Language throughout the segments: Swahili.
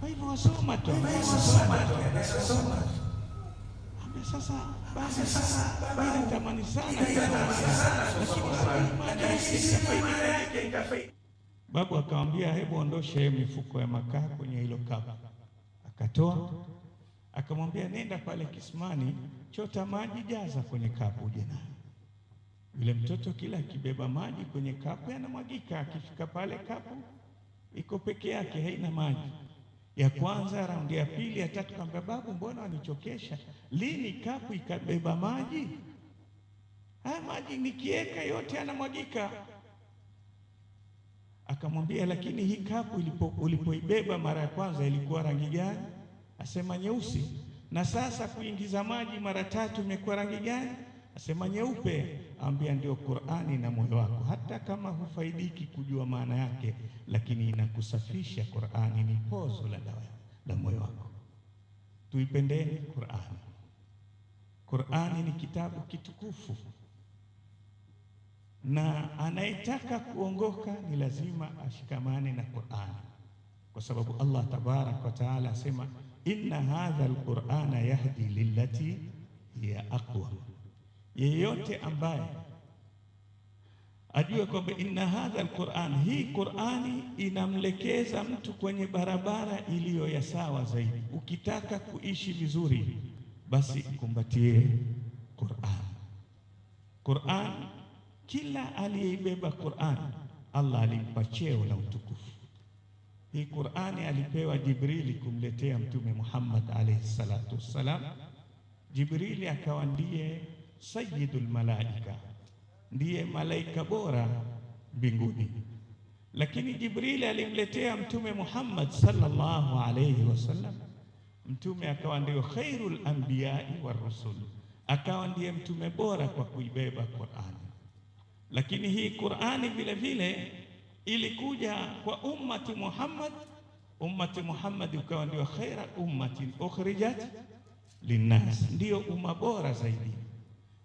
Kwa hivyo Wasoma tu. Sasa basi sasa baba anatamani sana babu akamwambia, hebu ondoshe mifuko ya makaa kwenye hilo kapu. Akatoa, akamwambia nenda pale kisimani, chota maji, jaza kwenye kapu uje nayo yule mtoto kila akibeba maji kwenye kapu yanamwagika, akifika pale kapu iko peke yake, haina maji. Ya kwanza, raundi ya pili, ya tatu, kamba babu, mbona wanichokesha? Lini kapu ikabeba maji? Haya maji nikiweka yote yanamwagika. Akamwambia, lakini hii kapu ilipo, ulipoibeba mara ya kwanza ilikuwa rangi gani? Asema nyeusi. Na sasa kuingiza maji mara tatu imekuwa rangi gani? Asema nyeupe ambia ndio Qur'ani na moyo wako, hata kama hufaidiki kujua maana yake, lakini inakusafisha. Qur'ani ni pozo la dawa la moyo wako. Tuipendeni Qur'ani. Qur'ani ni kitabu kitukufu, na anayetaka kuongoka ni lazima ashikamane na Qur'ani, kwa sababu Allah tabaraka wa taala asema, inna hadha alqur'ana yahdi lillati hiya aqwa yeyote ambaye ajue kwamba inna hadha alquran, hii Qurani inamlekeza mtu kwenye barabara iliyo ya sawa zaidi. Ukitaka kuishi vizuri, basi kumbatie Qurani. Qurani, kila aliyeibeba quran Allah alimpa cheo na utukufu. Hii Qurani alipewa Jibrili kumletea Mtume Muhammad alayhi salatu wassalam. Jibrili akawa ndiye sayyidul malaika, ndiye malaika bora mbinguni. Lakini Jibrili alimletea Mtume Muhammad sallallahu alayhi wasallam, Mtume akawa ndio khairul anbiyai wa rusul, akawa ndiye mtume bora kwa kuibeba Qurani. Lakini hii Qurani vile vile ilikuja kwa ummati Muhammad, ummati Muhammad ukawa ndio khaira ummatin ukhrijat linnas, ndio umma bora zaidi.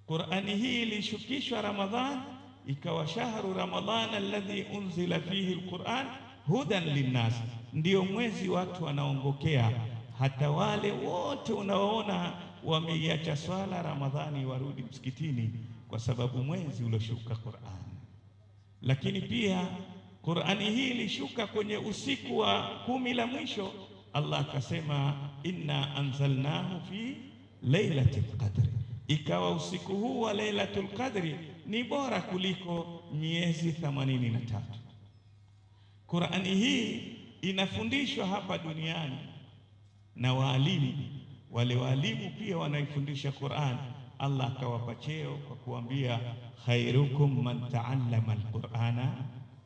Qur'ani hii ilishukishwa Ramadhan, ikawa shahru Ramadhan alladhi unzila fihi lquran hudan linnas, ndio mwezi watu wanaongokea. Hata wale wote unaoona wameiacha swala Ramadhani warudi msikitini, kwa sababu mwezi ulioshuka Qur'an. Lakini pia Qur'ani hii ilishuka kwenye usiku wa kumi la mwisho. Allah akasema inna anzalnahu fi lailatul qadri ikawa usiku huu wa Lailatul Qadri ni bora kuliko miezi 83. Qurani hii inafundishwa hapa duniani na waalimu, wale waalimu pia wanaifundisha Qurani. Allah akawapa cheo kwa kuambia khairukum man taallama alqurana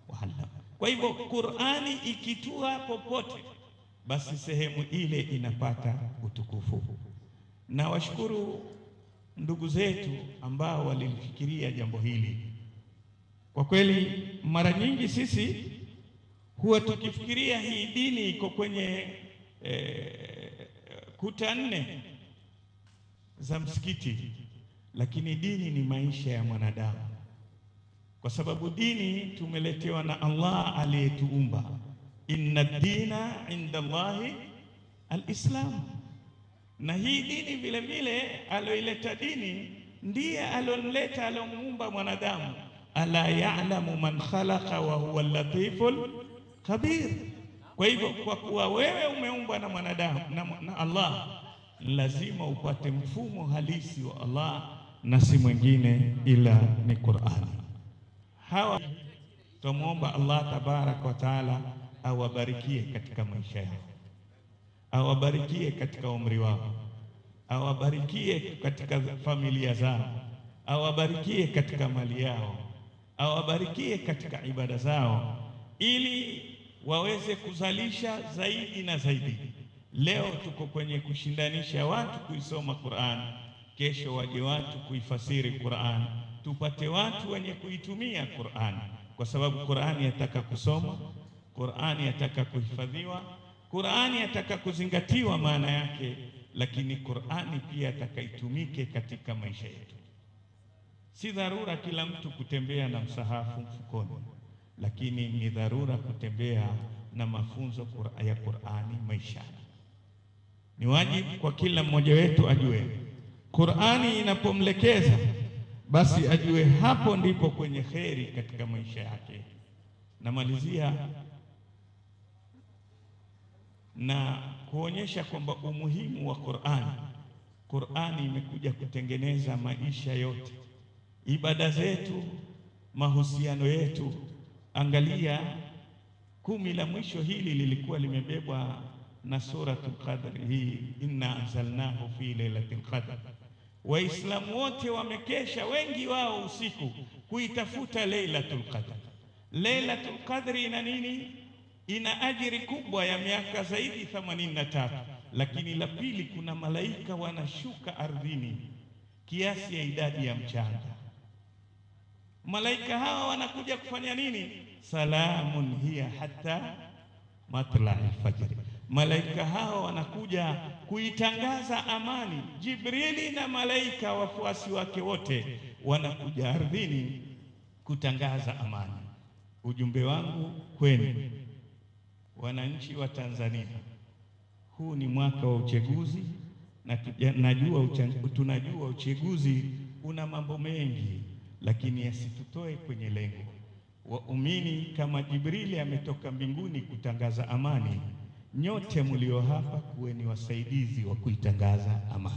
wa allama. Kwa hivyo Qurani ikitua popote, basi sehemu ile inapata utukufu na washukuru ndugu zetu ambao walifikiria jambo hili. Kwa kweli, mara nyingi sisi huwa tukifikiria hii dini iko kwenye e, kuta nne za msikiti, lakini dini ni maisha ya mwanadamu, kwa sababu dini tumeletewa na Allah aliyetuumba. Inna dina inda Allahi alislamu na hii dini vile vile aloileta dini ndiye alonleta alomuumba mwanadamu, ala ya'lamu man khalaqa wa huwa latiful khabir. Kwa hivyo kwa kuwa wewe umeumbwa na mwanadamu na, na Allah lazima upate mfumo halisi wa Allah na si mwingine ila ni Qur'ani. Hawa tumwomba Allah tabaraka wa taala awabarikie katika maisha yao awabarikie katika umri wao, awabarikie katika familia zao, awabarikie katika mali yao, awabarikie katika ibada zao, ili waweze kuzalisha zaidi na zaidi. Leo tuko kwenye kushindanisha watu kuisoma Qur'an, kesho waje watu kuifasiri Qur'an, tupate watu wenye kuitumia Qur'an, kwa sababu Qur'an yataka kusoma, Qur'an yataka kuhifadhiwa Qur'ani yataka kuzingatiwa maana yake, lakini Qur'ani pia atakaitumike itumike katika maisha yetu. Si dharura kila mtu kutembea na msahafu mfukoni, lakini ni dharura kutembea na mafunzo ya Qur'ani maishani. Ni wajibu kwa kila mmoja wetu ajue Qur'ani inapomlekeza basi ajue hapo ndipo kwenye kheri katika maisha yake. Namalizia na kuonyesha kwamba umuhimu wa Qur'ani. Qur'ani imekuja kutengeneza maisha yote, ibada zetu, mahusiano yetu. Angalia kumi la mwisho hili lilikuwa limebebwa na suratul qadr hii, inna anzalnahu fi lailatil qadr. Waislamu wote wamekesha, wengi wao usiku, kuitafuta lailatul qadr. Lailatul qadri ina nini? ina ajiri kubwa ya miaka zaidi 83. Lakini la pili, kuna malaika wanashuka ardhini kiasi ya idadi ya mchanga. Malaika hawa wanakuja kufanya nini? Salamun hiya hatta matla alfajr. Malaika hawa wanakuja kuitangaza amani. Jibrili na malaika wafuasi wake wote wanakuja ardhini kutangaza amani. Ujumbe wangu kwenu wananchi wa Tanzania, huu ni mwaka wa uchaguzi na tunajua, tunajua uchaguzi una mambo mengi, lakini yasitutoe kwenye lengo. Waumini kama Jibrili ametoka mbinguni kutangaza amani, nyote mlio hapa kuwe ni wasaidizi wa kuitangaza amani,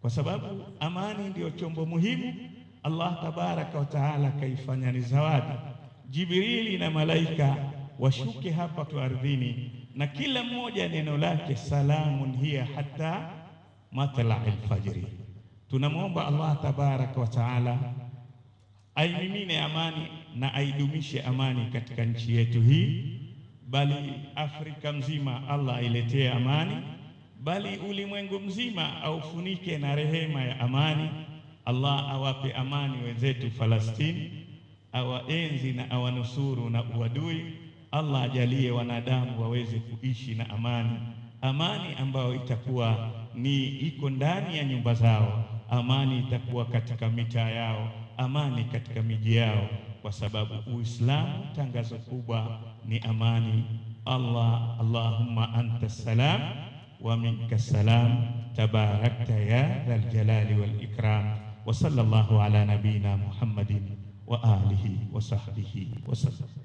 kwa sababu amani ndiyo chombo muhimu Allah tabaraka wa taala akaifanya ni zawadi. Jibrili na malaika washuke hapa tu ardhini, na kila mmoja neno lake salamun hiya hatta matla' alfajri. Tunamwomba Allah tabaraka wa taala aimimine amani na aidumishe amani katika nchi yetu hii, bali Afrika mzima Allah ailetee amani, bali ulimwengu mzima aufunike na rehema ya amani. Allah awape amani wenzetu Falastini, awaenzi na awanusuru na uadui Allah ajalie wanadamu waweze kuishi na amani, amani ambayo itakuwa ni iko ndani ya nyumba zao, amani itakuwa katika mitaa yao, amani katika miji yao, kwa sababu Uislamu tangazo kubwa ni amani. Allah, Allahumma anta salam wa minka salam tabarakta ya dhal jalali wal ikram wa sallallahu ala nabina Muhammadin wa alihi wa sahbihi wa sallam.